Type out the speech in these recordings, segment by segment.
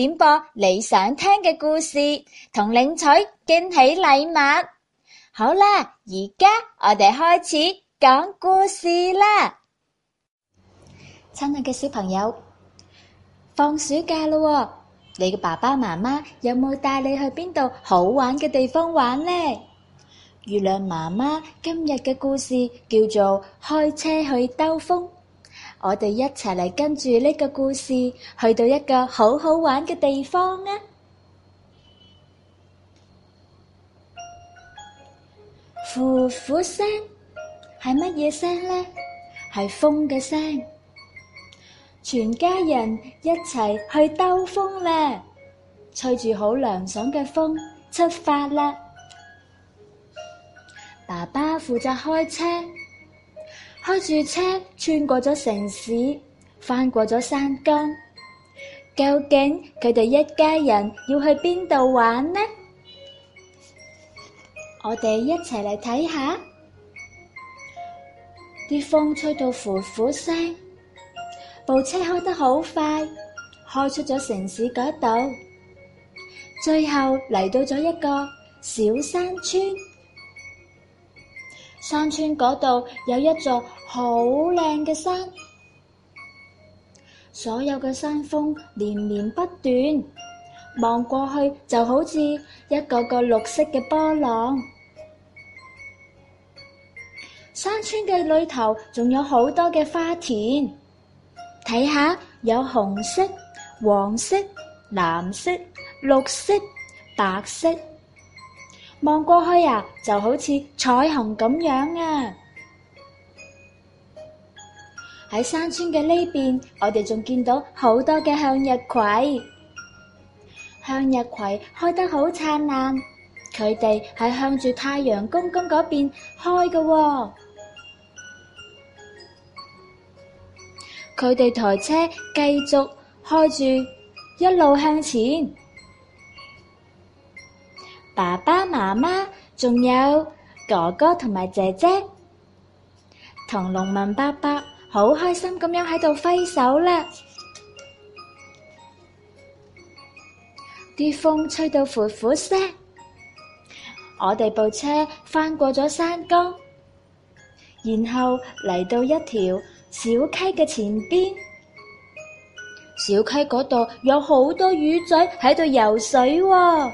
點播你想聽嘅故事，同領取驚喜禮物。好啦，而家我哋開始講故事啦。親愛嘅小朋友，放暑假啦，你嘅爸爸媽媽有冇帶你去邊度好玩嘅地方玩呢？月亮媽媽今日嘅故事叫做開車去兜風。我哋一齊嚟跟住呢個故事，去到一個好好玩嘅地方啊！呼呼聲係乜嘢聲呢？係風嘅聲。全家人一齊去兜風咧，吹住好涼爽嘅風，出發啦！爸爸負責開車。開住車穿過咗城市，翻過咗山崗，究竟佢哋一家人要去邊度玩呢？我哋一齊嚟睇下。啲風吹到呼呼聲，部車開得好快，開出咗城市嗰度，最後嚟到咗一個小山村。山村嗰度有一座好靚嘅山，所有嘅山峰連綿不斷，望過去就好似一個個綠色嘅波浪。山村嘅裏頭仲有好多嘅花田，睇下有紅色、黃色、藍色、綠色、白色。望過去啊，就好似彩虹咁樣啊！喺山村嘅呢邊，我哋仲見到好多嘅向日葵，向日葵開得好燦爛，佢哋係向住太陽公公嗰邊開嘅啊。佢哋台車繼續開住，一路向前。爸爸媽媽，仲有哥哥同埋姐姐，同農民伯伯好開心咁樣喺度揮手啦。啲風吹到呼呼聲，我哋部車翻過咗山崗，然後嚟到一條小溪嘅前邊。小溪嗰度有好多魚仔喺度游水喎、哦。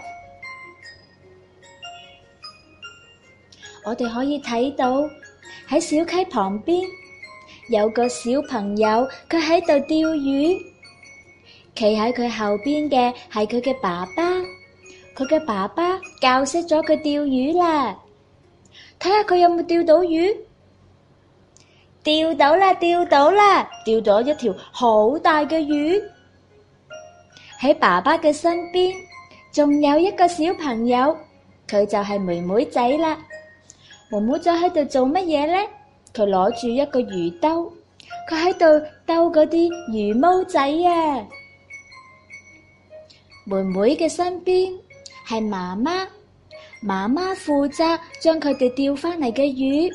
我哋可以睇到喺小溪旁邊有個小朋友，佢喺度釣魚。企喺佢後邊嘅係佢嘅爸爸，佢嘅爸爸教識咗佢釣魚啦。睇下佢有冇釣到魚？釣到啦，釣到啦，釣咗一條好大嘅魚。喺爸爸嘅身邊仲有一個小朋友，佢就係妹妹仔啦。妹妹仔喺度做乜嘢呢？佢攞住一個魚兜，佢喺度兜嗰啲魚毛仔啊。妹妹嘅身邊係媽媽，媽媽負責將佢哋釣翻嚟嘅魚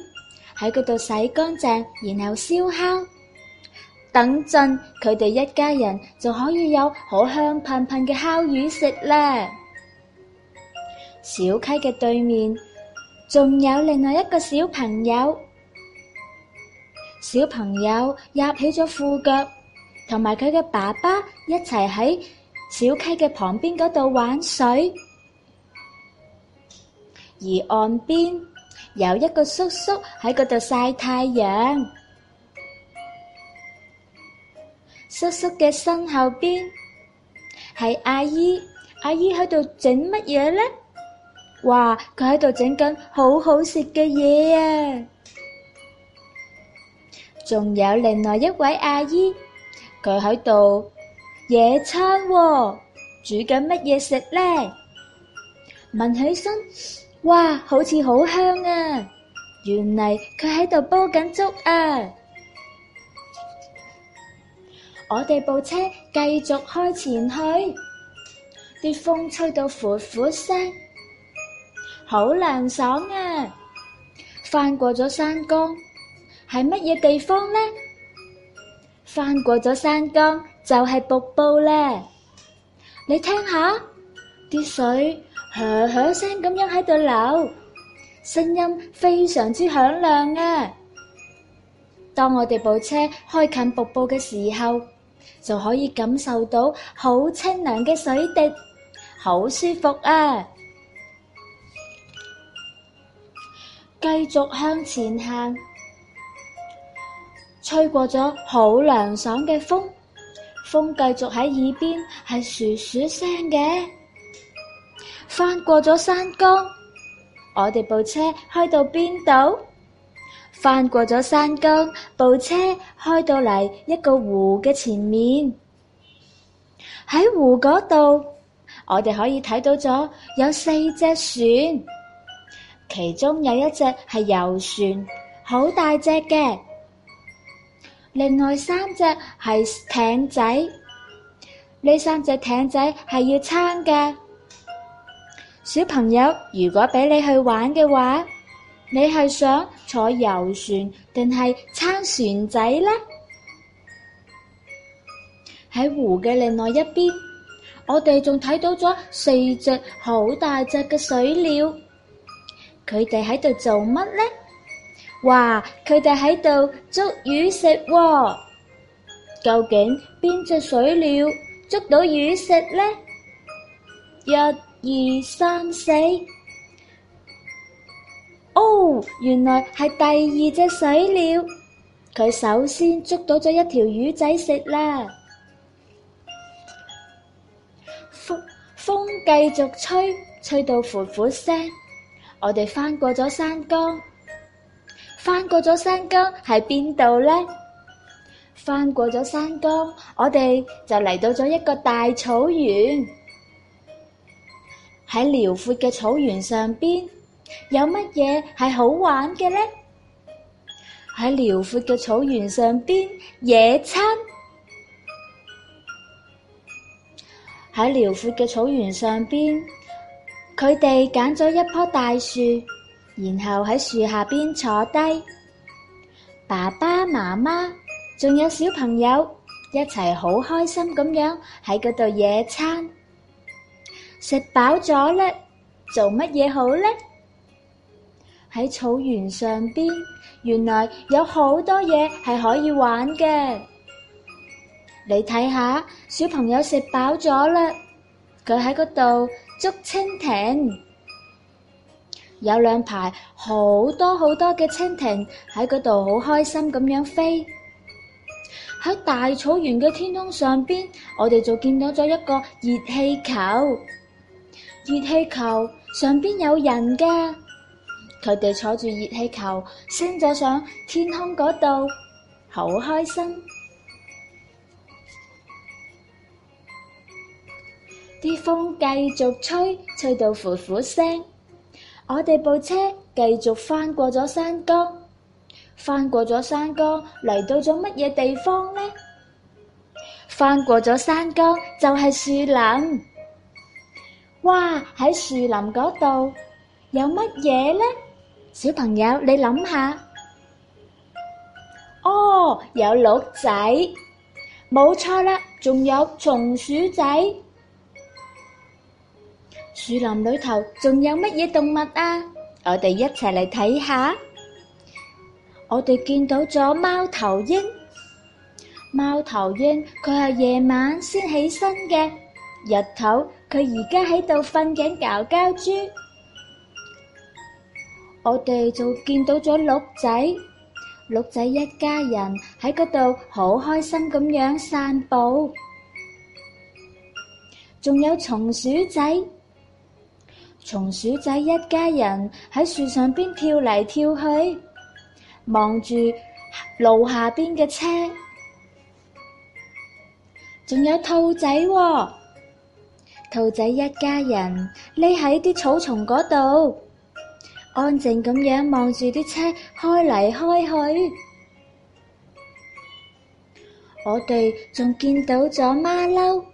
喺嗰度洗乾淨，然後燒烤，等陣佢哋一家人就可以有好香噴噴嘅烤魚食啦。小溪嘅對面。仲有另外一個小朋友，小朋友紮起咗褲腳，同埋佢嘅爸爸一齊喺小溪嘅旁邊嗰度玩水，而岸邊有一個叔叔喺嗰度曬太陽，叔叔嘅身後邊係阿姨，阿姨喺度整乜嘢呢？哇！佢喺度整緊好好食嘅嘢啊！仲有另外一位阿姨，佢喺度野餐喎，煮緊乜嘢食咧？聞起身，哇，好似好香啊！原嚟佢喺度煲緊粥啊！我哋部車繼續開前去，啲風吹到呼呼聲。好涼爽啊！翻過咗山崗，係乜嘢地方呢？翻過咗山崗就係瀑布咧。你聽下，啲水響響聲咁樣喺度流，聲音非常之響亮啊！當我哋部車開近瀑布嘅時候，就可以感受到好清涼嘅水滴，好舒服啊！繼續向前行，吹過咗好涼爽嘅風，風繼續喺耳邊係噓噓聲嘅。翻過咗山崗，我哋部車開到邊度？翻過咗山崗，部車開到嚟一個湖嘅前面。喺湖嗰度，我哋可以睇到咗有四隻船。其中有一隻係遊船，好大隻嘅；另外三隻係艇仔，呢三隻艇仔係要撐嘅。小朋友，如果俾你去玩嘅話，你係想坐遊船定係撐船仔呢？喺湖嘅另外一邊，我哋仲睇到咗四隻好大隻嘅水鳥。佢哋喺度做乜呢？哇！佢哋喺度捉魚食，哦。究竟邊隻水鳥捉到魚食呢？一、二、三、四。哦，原來係第二隻水鳥。佢首先捉到咗一條魚仔食啦。風風繼續吹，吹到呼呼聲。我哋翻過咗山崗，翻過咗山崗喺邊度呢？翻過咗山崗，我哋就嚟到咗一個大草原。喺遼闊嘅草原上邊，有乜嘢係好玩嘅呢？喺遼闊嘅草原上邊野餐，喺遼闊嘅草原上邊。佢哋揀咗一棵大樹，然後喺樹下邊坐低。爸爸媽媽仲有小朋友一齊好開心咁樣喺嗰度野餐。食飽咗啦，做乜嘢好呢？喺草原上邊，原來有好多嘢係可以玩嘅。你睇下，小朋友食飽咗啦，佢喺嗰度。捉蜻蜓，有兩排好多好多嘅蜻蜓喺嗰度，好開心咁樣飛。喺大草原嘅天空上邊，我哋就見到咗一個熱氣球。熱氣球上邊有人㗎，佢哋坐住熱氣球昇咗上天空嗰度，好開心。啲風繼續吹，吹到呼呼聲。我哋部車繼續翻過咗山崗，翻過咗山崗嚟到咗乜嘢地方呢？翻過咗山崗就係樹林。哇！喺樹林嗰度有乜嘢呢？小朋友，你諗下。哦，有鹿仔，冇錯啦，仲有松鼠仔。樹林裏頭仲有乜嘢動物啊？我哋一齊嚟睇下。我哋見到咗貓頭鷹，貓頭鷹佢係夜晚先起身嘅，日頭佢而家喺度瞓緊覺覺豬。我哋就見到咗鹿仔，鹿仔一家人喺嗰度好開心咁樣散步，仲有松鼠仔。松鼠仔一家人喺樹上邊跳嚟跳去，望住路下邊嘅車。仲有兔仔，哦，兔仔一家人匿喺啲草叢嗰度，安靜咁樣望住啲車開嚟開去。我哋仲見到咗馬騮。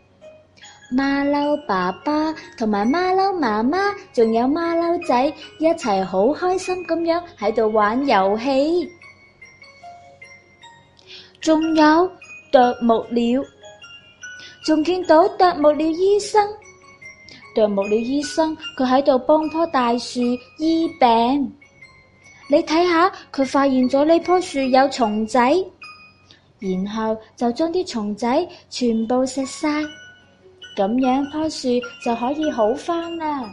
馬騮爸爸同埋馬騮媽媽，仲有馬騮仔一齊好開心咁樣喺度玩遊戲。仲有啄木鳥，仲見到啄木鳥醫生。啄木鳥醫生佢喺度幫棵大樹醫病。你睇下佢發現咗呢棵樹有蟲仔，然後就將啲蟲仔全部食晒。咁樣棵樹就可以好翻啦！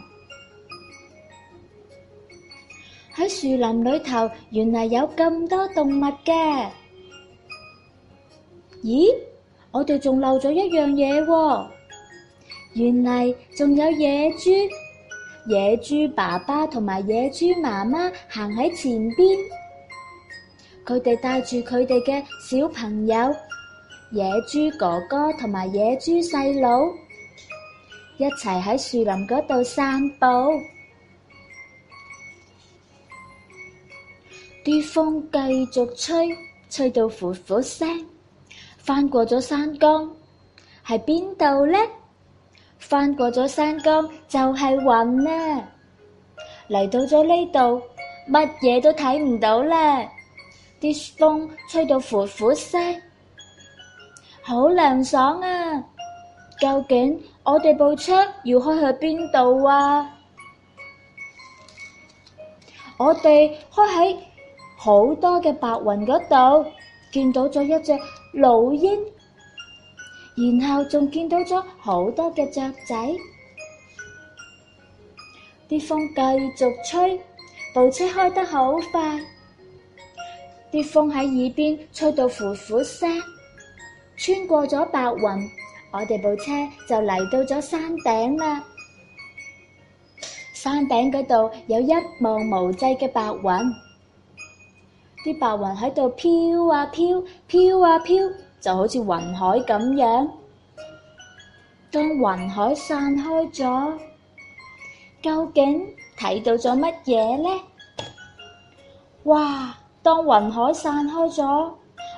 喺樹林裏頭，原嚟有咁多動物嘅。咦，我哋仲漏咗一樣嘢喎，哦！原嚟仲有野豬，野豬爸爸同埋野豬媽媽行喺前邊，佢哋帶住佢哋嘅小朋友，野豬哥哥同埋野豬細佬。一齊喺樹林嗰度散步，啲風繼續吹，吹到呼呼聲，翻過咗山崗，喺邊度呢？翻過咗山崗就係雲啦，嚟到咗呢度乜嘢都睇唔到啦，啲風吹到呼呼聲，好涼爽啊！究竟？我哋部車要開去邊度啊？我哋開喺好多嘅白雲嗰度，見到咗一隻老鷹，然後仲見到咗好多嘅雀仔。啲風繼續吹，部車開得好快，啲風喺耳邊吹到呼呼聲，穿過咗白雲。我哋部車就嚟到咗山頂啦！山頂嗰度有一望無際嘅白雲，啲白雲喺度飄啊飄，飄啊飄，就好似雲海咁樣。當雲海散開咗，究竟睇到咗乜嘢呢？哇！當雲海散開咗，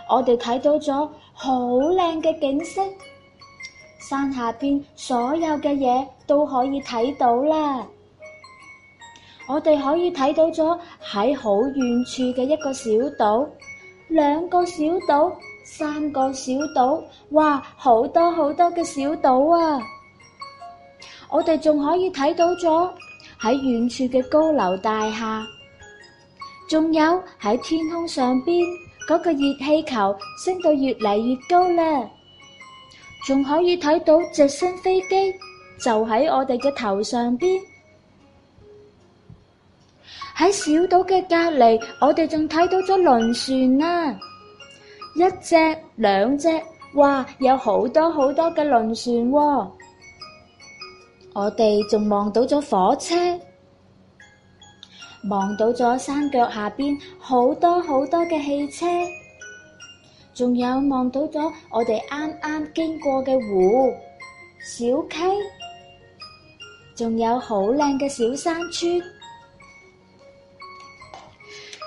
我哋睇到咗好靚嘅景色。山下邊所有嘅嘢都可以睇到啦，我哋可以睇到咗喺好遠處嘅一個小島，兩個小島，三個小島，哇，好多好多嘅小島啊！我哋仲可以睇到咗喺遠處嘅高樓大廈，仲有喺天空上邊嗰個熱氣球升到越嚟越高啦。仲可以睇到直升飛機就喺我哋嘅頭上邊，喺小島嘅隔籬，我哋仲睇到咗輪船啦、啊，一隻、兩隻，哇，有好多好多嘅輪船喎、啊！我哋仲望到咗火車，望到咗山腳下邊好多好多嘅汽車。仲有望到咗我哋啱啱經過嘅湖、小溪，仲有好靚嘅小山村，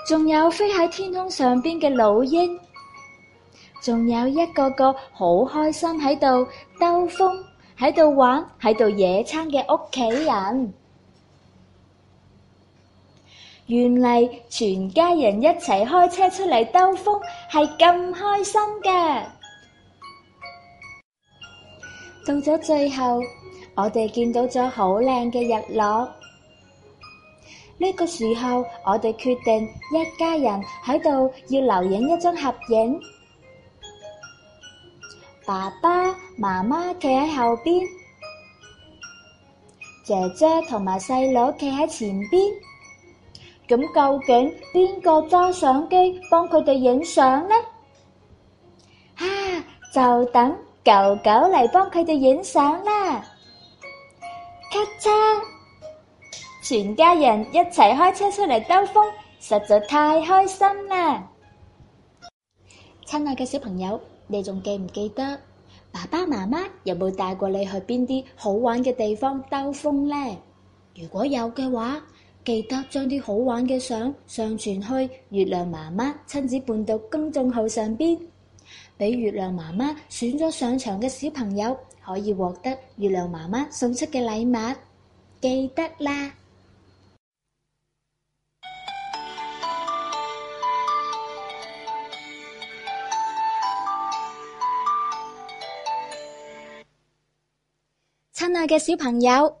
仲有飛喺天空上邊嘅老鷹，仲有一個個好開心喺度兜風、喺度玩、喺度野餐嘅屋企人。原嚟，全家人一齊開車出嚟兜風係咁開心嘅。到咗最後，我哋見到咗好靚嘅日落。呢個時候，我哋決定一家人喺度要留影一張合影。爸爸、媽媽企喺後邊，姐姐同埋細佬企喺前邊。咁究竟邊個揸相機幫佢哋影相呢？啊，就等狗狗嚟幫佢哋影相啦！咔嚓，全家人一齊開車出嚟兜風，實在太開心啦！親愛嘅小朋友，你仲記唔記得爸爸媽媽有冇帶過你去邊啲好玩嘅地方兜風呢？如果有嘅話，記得將啲好玩嘅相上傳去月亮媽媽親子伴讀公眾號上邊，俾月亮媽媽選咗上場嘅小朋友，可以獲得月亮媽媽送出嘅禮物。記得啦，親愛嘅小朋友。